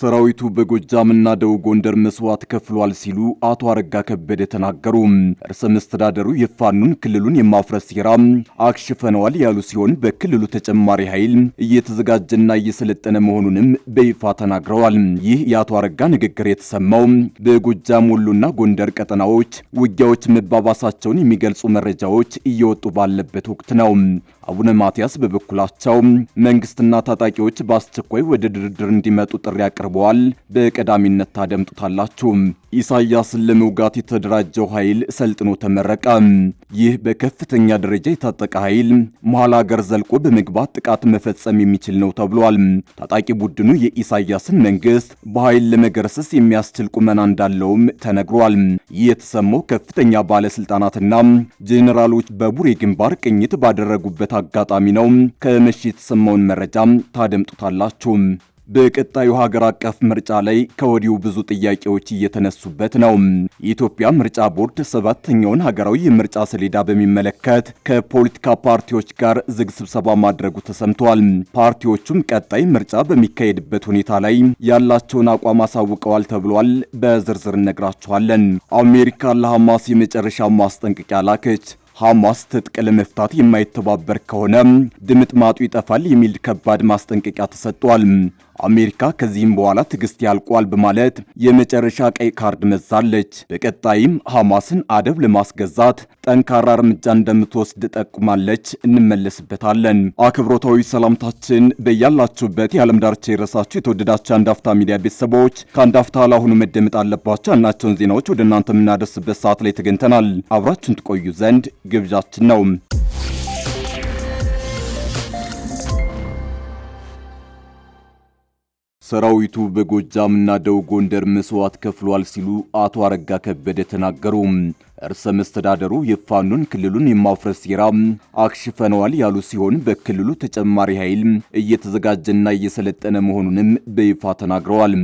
ሰራዊቱ በጎጃምና ደቡብ ጎንደር መስዋዕት ከፍሏል ሲሉ አቶ አረጋ ከበደ ተናገሩ። እርሰ መስተዳደሩ የፋኑን ክልሉን የማፍረስ ሴራ አክሽፈነዋል ያሉ ሲሆን በክልሉ ተጨማሪ ኃይል እየተዘጋጀና እየሰለጠነ መሆኑንም በይፋ ተናግረዋል። ይህ የአቶ አረጋ ንግግር የተሰማው በጎጃም ወሎና ጎንደር ቀጠናዎች ውጊያዎች መባባሳቸውን የሚገልጹ መረጃዎች እየወጡ ባለበት ወቅት ነው። አቡነ ማትያስ በበኩላቸው መንግስትና ታጣቂዎች በአስቸኳይ ወደ ድርድር እንዲመጡ ጥሪ አቅርበዋል። በቀዳሚነት ታደምጡታላችሁ። ኢሳያስን ለመውጋት የተደራጀው ኃይል ሰልጥኖ ተመረቀ። ይህ በከፍተኛ ደረጃ የታጠቀ ኃይል መሀል አገር ዘልቆ በመግባት ጥቃት መፈጸም የሚችል ነው ተብሏል። ታጣቂ ቡድኑ የኢሳያስን መንግስት በኃይል ለመገረሰስ የሚያስችል ቁመና እንዳለውም ተነግሯል። ይህ የተሰማው ከፍተኛ ባለስልጣናትና ጄኔራሎች በቡሬ ግንባር ቅኝት ባደረጉበት የሚገኝበት አጋጣሚ ነው። ከምሽት የተሰማውን መረጃ ታደምጡታላችሁ። በቀጣዩ ሀገር አቀፍ ምርጫ ላይ ከወዲሁ ብዙ ጥያቄዎች እየተነሱበት ነው። የኢትዮጵያ ምርጫ ቦርድ ሰባተኛውን ሀገራዊ የምርጫ ሰሌዳ በሚመለከት ከፖለቲካ ፓርቲዎች ጋር ዝግ ስብሰባ ማድረጉ ተሰምቷል። ፓርቲዎቹም ቀጣይ ምርጫ በሚካሄድበት ሁኔታ ላይ ያላቸውን አቋም አሳውቀዋል ተብሏል። በዝርዝር እነግራችኋለን። አሜሪካ ለሐማስ የመጨረሻ ማስጠንቀቂያ ላከች። ሐማስ ትጥቅ ለመፍታት የማይተባበር ከሆነ ድምጥማጡ ይጠፋል የሚል ከባድ ማስጠንቀቂያ ተሰጥቷል። አሜሪካ ከዚህም በኋላ ትዕግስት ያልቋል በማለት የመጨረሻ ቀይ ካርድ መዛለች። በቀጣይም ሐማስን አደብ ለማስገዛት ጠንካራ እርምጃ እንደምትወስድ ጠቁማለች። እንመለስበታለን። አክብሮታዊ ሰላምታችን በያላችሁበት የዓለም ዳርቻ የረሳችሁ የተወደዳችሁ አንዳፍታ ሚዲያ ቤተሰቦች ከአንዳፍታ ላሁኑ ለአሁኑ መደመጥ አለባቸው ያናቸውን ዜናዎች ወደ እናንተ የምናደርስበት ሰዓት ላይ ተገኝተናል። አብራችሁን ትቆዩ ዘንድ ግብዣችን ነው። ሰራዊቱ በጎጃም እና ደቡብ ጎንደር መስዋዕት ከፍሏል ሲሉ አቶ አረጋ ከበደ ተናገሩ። እርሰ መስተዳደሩ የፋኑን ክልሉን የማፍረስ ሴራ አክሽፈነዋል ያሉ ሲሆን በክልሉ ተጨማሪ ኃይል እየተዘጋጀና እየሰለጠነ መሆኑንም በይፋ ተናግረዋል።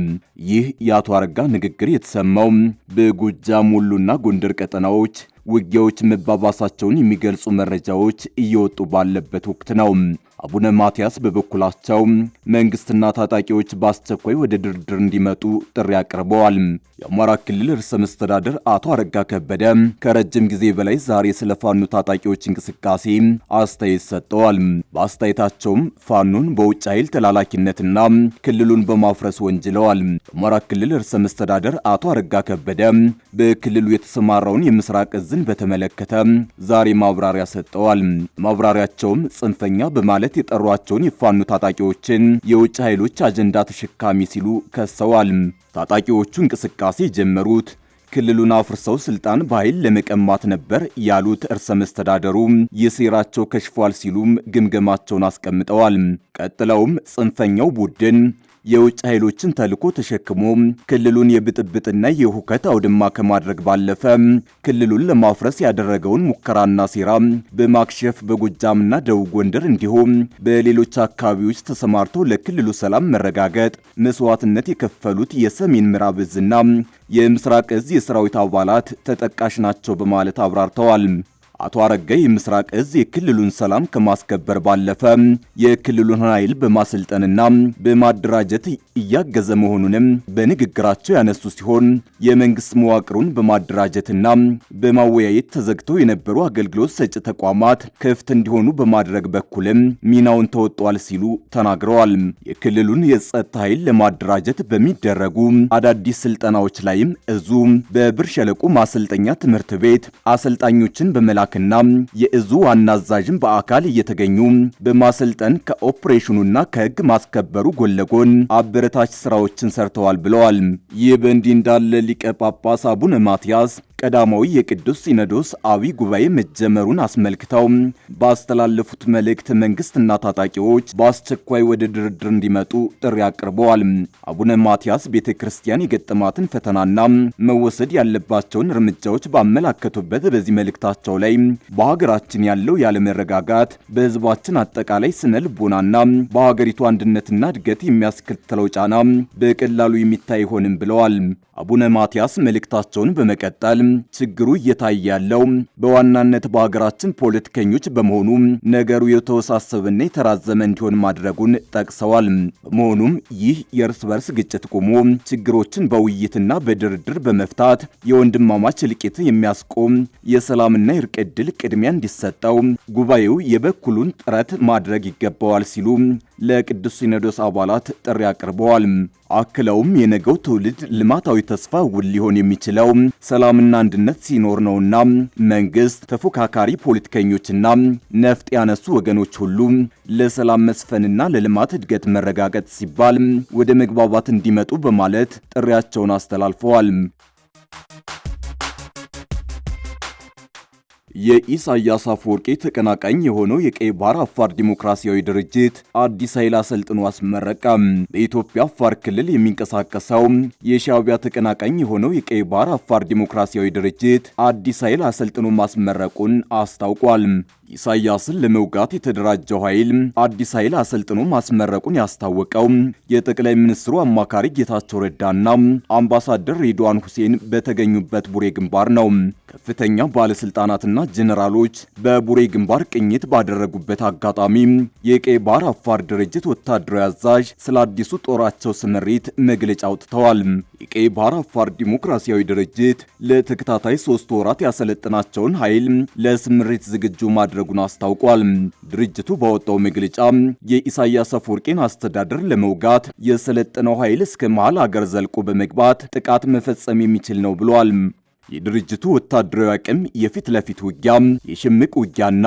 ይህ የአቶ አረጋ ንግግር የተሰማው በጎጃም ወሎና ጎንደር ቀጠናዎች ውጊያዎች መባባሳቸውን የሚገልጹ መረጃዎች እየወጡ ባለበት ወቅት ነው። አቡነ ማትያስ በበኩላቸው መንግስትና ታጣቂዎች በአስቸኳይ ወደ ድርድር እንዲመጡ ጥሪ አቅርበዋል። የአማራ ክልል ርዕሰ መስተዳደር አቶ አረጋ ከበደ ከረጅም ጊዜ በላይ ዛሬ ስለ ፋኖ ታጣቂዎች እንቅስቃሴ አስተያየት ሰጥተዋል። በአስተያየታቸውም ፋኖን በውጭ ኃይል ተላላኪነትና ክልሉን በማፍረስ ወንጅለዋል። የአማራ ክልል ርዕሰ መስተዳደር አቶ አረጋ ከበደ በክልሉ የተሰማራውን የምስራቅ እዝን በተመለከተ ዛሬ ማብራሪያ ሰጥተዋል። ማብራሪያቸውም ጽንፈኛ በማለት የጠሯቸውን የፋኖ ታጣቂዎችን የውጭ ኃይሎች አጀንዳ ተሸካሚ ሲሉ ከሰዋል። ታጣቂዎቹ እንቅስቃሴ እንቅስቃሴ ጀመሩት! ክልሉን አፍርሰው ስልጣን በኃይል ለመቀማት ነበር ያሉት እርሰ መስተዳደሩ የሴራቸው ከሽፏል ሲሉም ግምገማቸውን አስቀምጠዋል። ቀጥለውም ጽንፈኛው ቡድን የውጭ ኃይሎችን ተልኮ ተሸክሞ ክልሉን የብጥብጥና የሁከት አውድማ ከማድረግ ባለፈ ክልሉን ለማፍረስ ያደረገውን ሙከራና ሴራ በማክሸፍ በጎጃምና ደቡብ ጎንደር እንዲሁም በሌሎች አካባቢዎች ተሰማርተው ለክልሉ ሰላም መረጋገጥ መስዋዕትነት የከፈሉት የሰሜን ምዕራብ እዝና የምስራቅ እዝ የሰራዊት አባላት ተጠቃሽ ናቸው በማለት አብራርተዋል። አቶ አረጋይ የምስራቅ እዝ የክልሉን ሰላም ከማስከበር ባለፈ የክልሉን ኃይል በማሰልጠንና በማደራጀት እያገዘ መሆኑንም በንግግራቸው ያነሱ ሲሆን የመንግስት መዋቅሩን በማደራጀትና በማወያየት ተዘግተው የነበሩ አገልግሎት ሰጪ ተቋማት ክፍት እንዲሆኑ በማድረግ በኩልም ሚናውን ተወጧል ሲሉ ተናግረዋል። የክልሉን የጸጥታ ኃይል ለማደራጀት በሚደረጉ አዳዲስ ስልጠናዎች ላይም እዙ በብር ሸለቆ ማሰልጠኛ ትምህርት ቤት አሰልጣኞችን በመላ አምላክና የእዙ ዋና አዛዥን በአካል እየተገኙ በማሰልጠን ከኦፕሬሽኑና ከህግ ማስከበሩ ጎን ለጎን አበረታች ስራዎችን ሰርተዋል ብለዋል። ይህ በእንዲህ እንዳለ ሊቀ ጳጳስ አቡነ ማትያስ ቀዳማዊ የቅዱስ ሲኖዶስ አብይ ጉባኤ መጀመሩን አስመልክተው ባስተላለፉት መልእክት መንግስትና ታጣቂዎች በአስቸኳይ ወደ ድርድር እንዲመጡ ጥሪ አቅርበዋል። አቡነ ማትያስ ቤተ ክርስቲያን የገጠማትን ፈተናና መወሰድ ያለባቸውን እርምጃዎች ባመላከቱበት በዚህ መልእክታቸው ላይ በሀገራችን ያለው ያለመረጋጋት በህዝባችን አጠቃላይ ስነ ልቦናና በሀገሪቱ አንድነትና እድገት የሚያስከትለው ጫና በቀላሉ የሚታይ አይሆንም ብለዋል። አቡነ ማትያስ መልእክታቸውን በመቀጠል ችግሩ እየታየ ያለው በዋናነት በሀገራችን ፖለቲከኞች በመሆኑ ነገሩ የተወሳሰበና የተራዘመ እንዲሆን ማድረጉን ጠቅሰዋል። መሆኑም ይህ የእርስ በርስ ግጭት ቆሞ ችግሮችን በውይይትና በድርድር በመፍታት የወንድማማች እልቂት የሚያስቆም የሰላምና የእርቅ ዕድል ቅድሚያ እንዲሰጠው ጉባኤው የበኩሉን ጥረት ማድረግ ይገባዋል ሲሉ ለቅዱስ ሲኖዶስ አባላት ጥሪ አቅርበዋል። አክለውም የነገው ትውልድ ልማታዊ ተስፋ ውል ሊሆን የሚችለው ሰላምና አንድነት ሲኖር ነውና መንግስት፣ ተፎካካሪ ፖለቲከኞችና ነፍጥ ያነሱ ወገኖች ሁሉ ለሰላም መስፈንና ለልማት እድገት መረጋገጥ ሲባል ወደ መግባባት እንዲመጡ በማለት ጥሪያቸውን አስተላልፈዋል። የኢሳያስ አፈወርቂ ተቀናቃኝ የሆነው የቀይ ባህር አፋር ዲሞክራሲያዊ ድርጅት አዲስ ኃይል አሰልጥኖ አስመረቀ። በኢትዮጵያ አፋር ክልል የሚንቀሳቀሰው የሻዕቢያ ተቀናቃኝ የሆነው የቀይ ባህር አፋር ዲሞክራሲያዊ ድርጅት አዲስ ኃይል አሰልጥኖ ማስመረቁን አስታውቋል። ኢሳያስን ለመውጋት የተደራጀው ኃይል አዲስ ኃይል አሰልጥኖ ማስመረቁን ያስታወቀው የጠቅላይ ሚኒስትሩ አማካሪ ጌታቸው ረዳና አምባሳደር ሬድዋን ሁሴን በተገኙበት ቡሬ ግንባር ነው። ከፍተኛ ባለስልጣናትና ጄኔራሎች በቡሬ ግንባር ቅኝት ባደረጉበት አጋጣሚ የቀይ ባህር አፋር ድርጅት ወታደራዊ አዛዥ ስለ አዲሱ ጦራቸው ስምሪት መግለጫ አውጥተዋል። የቀይ ባህር አፋር ዲሞክራሲያዊ ድርጅት ለተከታታይ ሶስት ወራት ያሰለጠናቸውን ኃይል ለስምሪት ዝግጁ ማድረጉን አስታውቋል። ድርጅቱ ባወጣው መግለጫ የኢሳያስ አፈወርቂን አስተዳደር ለመውጋት የሰለጠነው ኃይል እስከ መሃል አገር ዘልቆ በመግባት ጥቃት መፈጸም የሚችል ነው ብሏል። የድርጅቱ ወታደራዊ አቅም የፊት ለፊት ውጊያ፣ የሽምቅ ውጊያና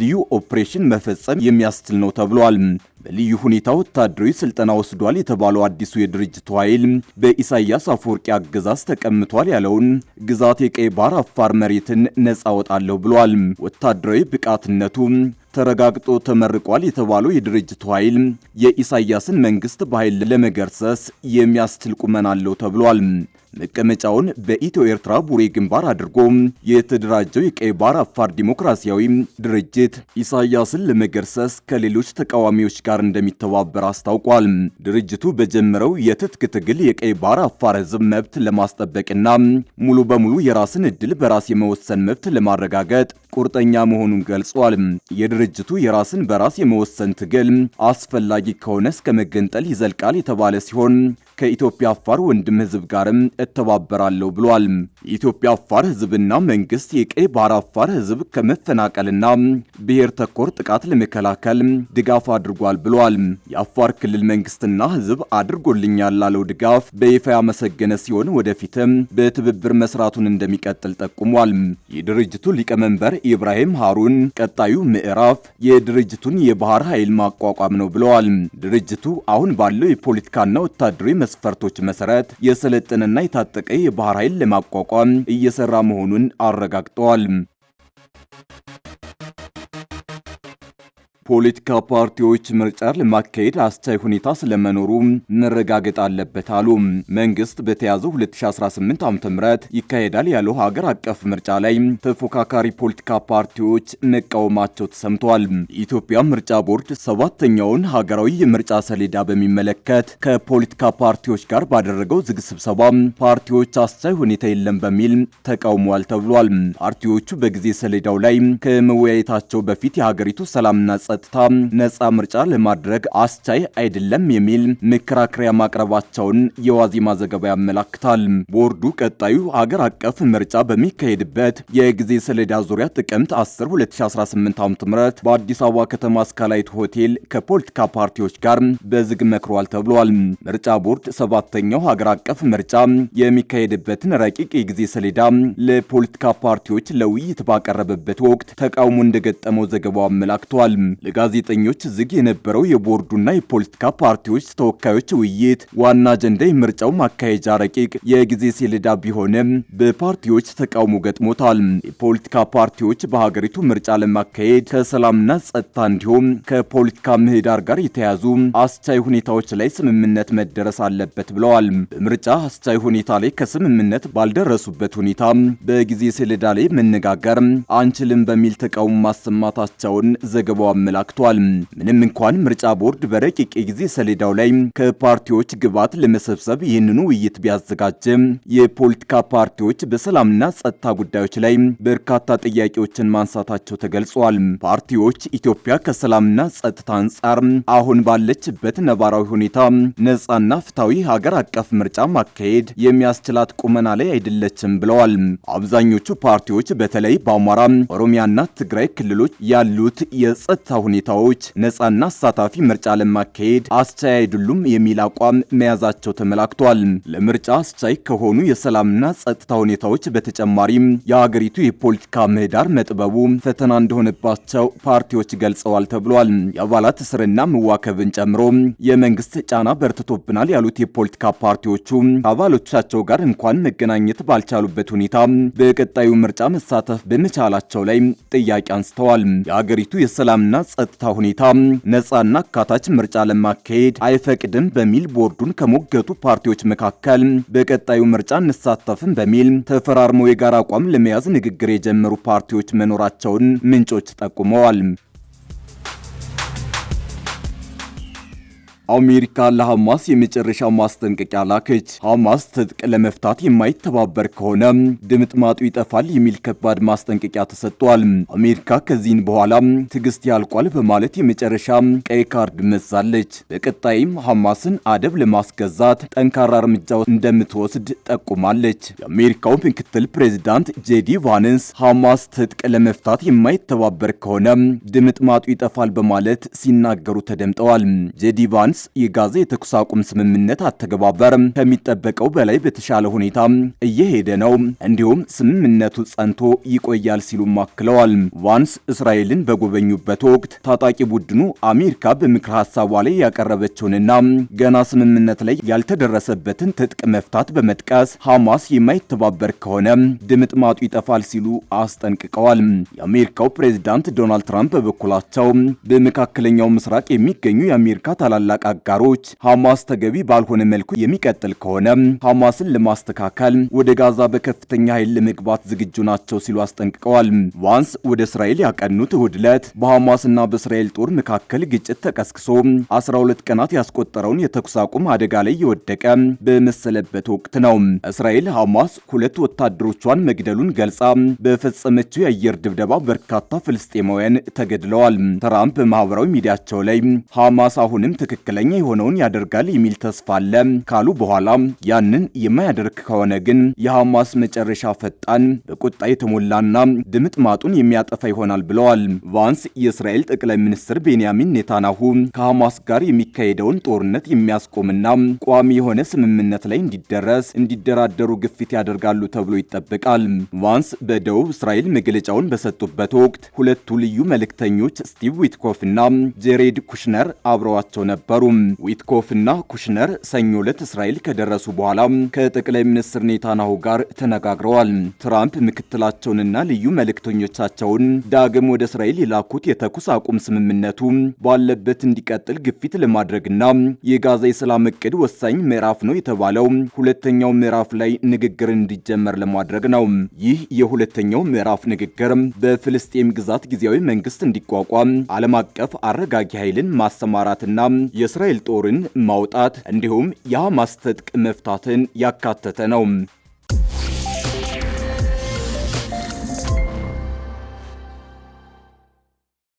ልዩ ኦፕሬሽን መፈጸም የሚያስችል ነው ተብሏል። በልዩ ሁኔታ ወታደራዊ ስልጠና ወስዷል የተባለው አዲሱ የድርጅቱ ኃይል በኢሳያስ አፈወርቂ አገዛዝ ተቀምጧል ያለውን ግዛት የቀይ ባህር አፋር መሬትን ነጻ ወጣለሁ ብሏል። ወታደራዊ ብቃትነቱ ተረጋግጦ ተመርቋል የተባለው የድርጅቱ ኃይል የኢሳያስን መንግስት በኃይል ለመገርሰስ የሚያስችል ቁመና አለው ተብሏል። መቀመጫውን በኢትዮ ኤርትራ ቡሬ ግንባር አድርጎ የተደራጀው የቀይ ባህር አፋር ዲሞክራሲያዊ ድርጅት ኢሳያስን ለመገርሰስ ከሌሎች ተቃዋሚዎች ጋር ጋር እንደሚተባበር አስታውቋል። ድርጅቱ በጀመረው የትጥቅ ትግል የቀይ ባህር አፋር ሕዝብ መብት ለማስጠበቅና ሙሉ በሙሉ የራስን ዕድል በራስ የመወሰን መብት ለማረጋገጥ ቁርጠኛ መሆኑን ገልጿል። የድርጅቱ የራስን በራስ የመወሰን ትግል አስፈላጊ ከሆነ እስከ መገንጠል ይዘልቃል የተባለ ሲሆን ከኢትዮጵያ አፋር ወንድም ህዝብ ጋርም እተባበራለሁ ብሏል። የኢትዮጵያ አፋር ህዝብና መንግስት የቀይ ባህር አፋር ሕዝብ ከመፈናቀልና ብሔር ተኮር ጥቃት ለመከላከል ድጋፍ አድርጓል ብሏል። የአፋር ክልል መንግስትና ህዝብ አድርጎልኛል ላለው ድጋፍ በይፋ ያመሰገነ ሲሆን ወደፊትም በትብብር መስራቱን እንደሚቀጥል ጠቁሟል። የድርጅቱ ሊቀመንበር ኢብራሂም ሃሩን ቀጣዩ ምዕራፍ የድርጅቱን የባህር ኃይል ማቋቋም ነው ብለዋል። ድርጅቱ አሁን ባለው የፖለቲካና ወታደራዊ መስፈርቶች መሰረት የሰለጠነና የታጠቀ የባህር ኃይል ለማቋቋም እየሰራ መሆኑን አረጋግጠዋል። ፖለቲካ ፓርቲዎች ምርጫ ለማካሄድ አስቻይ ሁኔታ ስለመኖሩ መረጋገጥ አለበት አሉ። መንግስት በተያዘው 2018 ዓ ም ይካሄዳል ያለው ሀገር አቀፍ ምርጫ ላይ ተፎካካሪ ፖለቲካ ፓርቲዎች መቃወማቸው ተሰምቷል። የኢትዮጵያ ምርጫ ቦርድ ሰባተኛውን ሀገራዊ የምርጫ ሰሌዳ በሚመለከት ከፖለቲካ ፓርቲዎች ጋር ባደረገው ዝግ ስብሰባ ፓርቲዎች አስቻይ ሁኔታ የለም በሚል ተቃውሟል ተብሏል። ፓርቲዎቹ በጊዜ ሰሌዳው ላይ ከመወያየታቸው በፊት የሀገሪቱ ሰላምና ጸጥታ ነጻ ምርጫ ለማድረግ አስቻይ አይደለም የሚል መከራከሪያ ማቅረባቸውን የዋዜማ ዘገባ ያመላክታል። ቦርዱ ቀጣዩ ሀገር አቀፍ ምርጫ በሚካሄድበት የጊዜ ሰሌዳ ዙሪያ ጥቅምት 10 2018 ዓ.ም በአዲስ አበባ ከተማ ስካላይት ሆቴል ከፖለቲካ ፓርቲዎች ጋር በዝግ መክሯል ተብሏል። ምርጫ ቦርድ ሰባተኛው ሀገር አቀፍ ምርጫ የሚካሄድበትን ረቂቅ የጊዜ ሰሌዳ ለፖለቲካ ፓርቲዎች ለውይይት ባቀረበበት ወቅት ተቃውሞ እንደገጠመው ዘገባው አመላክቷል። ለጋዜጠኞች ዝግ የነበረው የቦርዱና የፖለቲካ ፓርቲዎች ተወካዮች ውይይት ዋና አጀንዳ የምርጫው ማካሄጃ ረቂቅ የጊዜ ሰሌዳ ቢሆንም በፓርቲዎች ተቃውሞ ገጥሞታል። የፖለቲካ ፓርቲዎች በሀገሪቱ ምርጫ ለማካሄድ ከሰላምና ጸጥታ እንዲሁም ከፖለቲካ ምህዳር ጋር የተያዙ አስቻይ ሁኔታዎች ላይ ስምምነት መደረስ አለበት ብለዋል። በምርጫ አስቻይ ሁኔታ ላይ ከስምምነት ባልደረሱበት ሁኔታ በጊዜ ሰሌዳ ላይ መነጋገር አንችልም በሚል ተቃውሞ ማሰማታቸውን ዘገባው አመላክቷል። ምንም እንኳን ምርጫ ቦርድ በረቂቅ የጊዜ ሰሌዳው ላይ ከፓርቲዎች ግብዓት ለመሰብሰብ ይህንኑ ውይይት ቢያዘጋጀ የፖለቲካ ፓርቲዎች በሰላምና ጸጥታ ጉዳዮች ላይ በርካታ ጥያቄዎችን ማንሳታቸው ተገልጿል። ፓርቲዎች ኢትዮጵያ ከሰላምና ጸጥታ አንጻር አሁን ባለችበት ነባራዊ ሁኔታ ነጻና ፍታዊ ሀገር አቀፍ ምርጫ ማካሄድ የሚያስችላት ቁመና ላይ አይደለችም ብለዋል። አብዛኞቹ ፓርቲዎች በተለይ በአማራ ኦሮሚያና ትግራይ ክልሎች ያሉት የጸጥታ ሁኔታዎች ነጻና አሳታፊ ምርጫ ለማካሄድ አስቻይ አይደሉም የሚል አቋም መያዛቸው ተመላክቷል። ለምርጫ አስቻይ ከሆኑ የሰላምና ጸጥታ ሁኔታዎች በተጨማሪም የአገሪቱ የፖለቲካ ምህዳር መጥበቡ ፈተና እንደሆነባቸው ፓርቲዎች ገልጸዋል ተብሏል። የአባላት እስርና መዋከብን ጨምሮ የመንግስት ጫና በርትቶብናል ያሉት የፖለቲካ ፓርቲዎቹ ከአባሎቻቸው ጋር እንኳን መገናኘት ባልቻሉበት ሁኔታ በቀጣዩ ምርጫ መሳተፍ በመቻላቸው ላይ ጥያቄ አንስተዋል። የአገሪቱ የሰላምና ጸጥታ ሁኔታ ነጻና አካታች ምርጫ ለማካሄድ አይፈቅድም በሚል ቦርዱን ከሞገቱ ፓርቲዎች መካከል በቀጣዩ ምርጫ እንሳተፍም በሚል ተፈራርመው የጋራ አቋም ለመያዝ ንግግር የጀመሩ ፓርቲዎች መኖራቸውን ምንጮች ጠቁመዋል። አሜሪካ ለሐማስ የመጨረሻ ማስጠንቀቂያ ላከች። ሐማስ ትጥቅ ለመፍታት የማይተባበር ከሆነ ድምጥማጡ ይጠፋል የሚል ከባድ ማስጠንቀቂያ ተሰጥቷል። አሜሪካ ከዚህን በኋላ ትዕግስት ያልቋል በማለት የመጨረሻ ቀይ ካርድ መዛለች። በቀጣይም ሐማስን አደብ ለማስገዛት ጠንካራ እርምጃ እንደምትወስድ ጠቁማለች። የአሜሪካው ምክትል ፕሬዚዳንት ጄዲ ቫንስ ሐማስ ትጥቅ ለመፍታት የማይተባበር ከሆነ ድምጥማጡ ይጠፋል በማለት ሲናገሩ ተደምጠዋል። ጄዲ ቫንስ የጋዛ የተኩስ አቁም ስምምነት አተገባበርም ከሚጠበቀው በላይ በተሻለ ሁኔታ እየሄደ ነው፣ እንዲሁም ስምምነቱ ጸንቶ ይቆያል ሲሉም አክለዋል። ቫንስ እስራኤልን በጎበኙበት ወቅት ታጣቂ ቡድኑ አሜሪካ በምክር ሀሳቧ ላይ ያቀረበችውንና ገና ስምምነት ላይ ያልተደረሰበትን ትጥቅ መፍታት በመጥቀስ ሐማስ የማይተባበር ከሆነ ድምጥማጡ ይጠፋል ሲሉ አስጠንቅቀዋል። የአሜሪካው ፕሬዚዳንት ዶናልድ ትራምፕ በበኩላቸው በመካከለኛው ምስራቅ የሚገኙ የአሜሪካ ታላላቅ የምስራቅ አጋሮች ሐማስ ተገቢ ባልሆነ መልኩ የሚቀጥል ከሆነ ሐማስን ለማስተካከል ወደ ጋዛ በከፍተኛ ኃይል ለመግባት ዝግጁ ናቸው ሲሉ አስጠንቅቀዋል። ዋንስ ወደ እስራኤል ያቀኑት እሁድ ዕለት በሐማስና በእስራኤል ጦር መካከል ግጭት ተቀስቅሶ 12 ቀናት ያስቆጠረውን የተኩስ አቁም አደጋ ላይ የወደቀ በመሰለበት ወቅት ነው። እስራኤል ሐማስ ሁለት ወታደሮቿን መግደሉን ገልጻ በፈጸመችው የአየር ድብደባ በርካታ ፍልስጤማውያን ተገድለዋል። ትራምፕ በማህበራዊ ሚዲያቸው ላይ ሐማስ አሁንም ትክክል ትክክለኛ የሆነውን ያደርጋል የሚል ተስፋ አለ ካሉ በኋላ ያንን የማያደርግ ከሆነ ግን የሐማስ መጨረሻ ፈጣን በቁጣ የተሞላና ድምጥ ማጡን የሚያጠፋ ይሆናል ብለዋል። ቫንስ የእስራኤል ጠቅላይ ሚኒስትር ቤንያሚን ኔታናሁ ከሐማስ ጋር የሚካሄደውን ጦርነት የሚያስቆምና ቋሚ የሆነ ስምምነት ላይ እንዲደረስ እንዲደራደሩ ግፊት ያደርጋሉ ተብሎ ይጠበቃል። ቫንስ በደቡብ እስራኤል መግለጫውን በሰጡበት ወቅት ሁለቱ ልዩ መልእክተኞች ስቲቭ ዊትኮፍና ጄሬድ ኩሽነር አብረዋቸው ነበሩ። ተባሉ። ዊትኮፍ እና ኩሽነር ሰኞ ዕለት እስራኤል ከደረሱ በኋላ ከጠቅላይ ሚኒስትር ኔታናሁ ጋር ተነጋግረዋል። ትራምፕ ምክትላቸውንና ልዩ መልእክተኞቻቸውን ዳግም ወደ እስራኤል የላኩት የተኩስ አቁም ስምምነቱ ባለበት እንዲቀጥል ግፊት ለማድረግና የጋዛ የሰላም እቅድ ወሳኝ ምዕራፍ ነው የተባለው ሁለተኛው ምዕራፍ ላይ ንግግር እንዲጀመር ለማድረግ ነው። ይህ የሁለተኛው ምዕራፍ ንግግር በፍልስጤም ግዛት ጊዜያዊ መንግስት እንዲቋቋም ዓለም አቀፍ አረጋጊ ኃይልን ማሰማራትና የእስራኤል ጦርን ማውጣት እንዲሁም የሐማስ ትጥቅ መፍታትን ያካተተ ነው።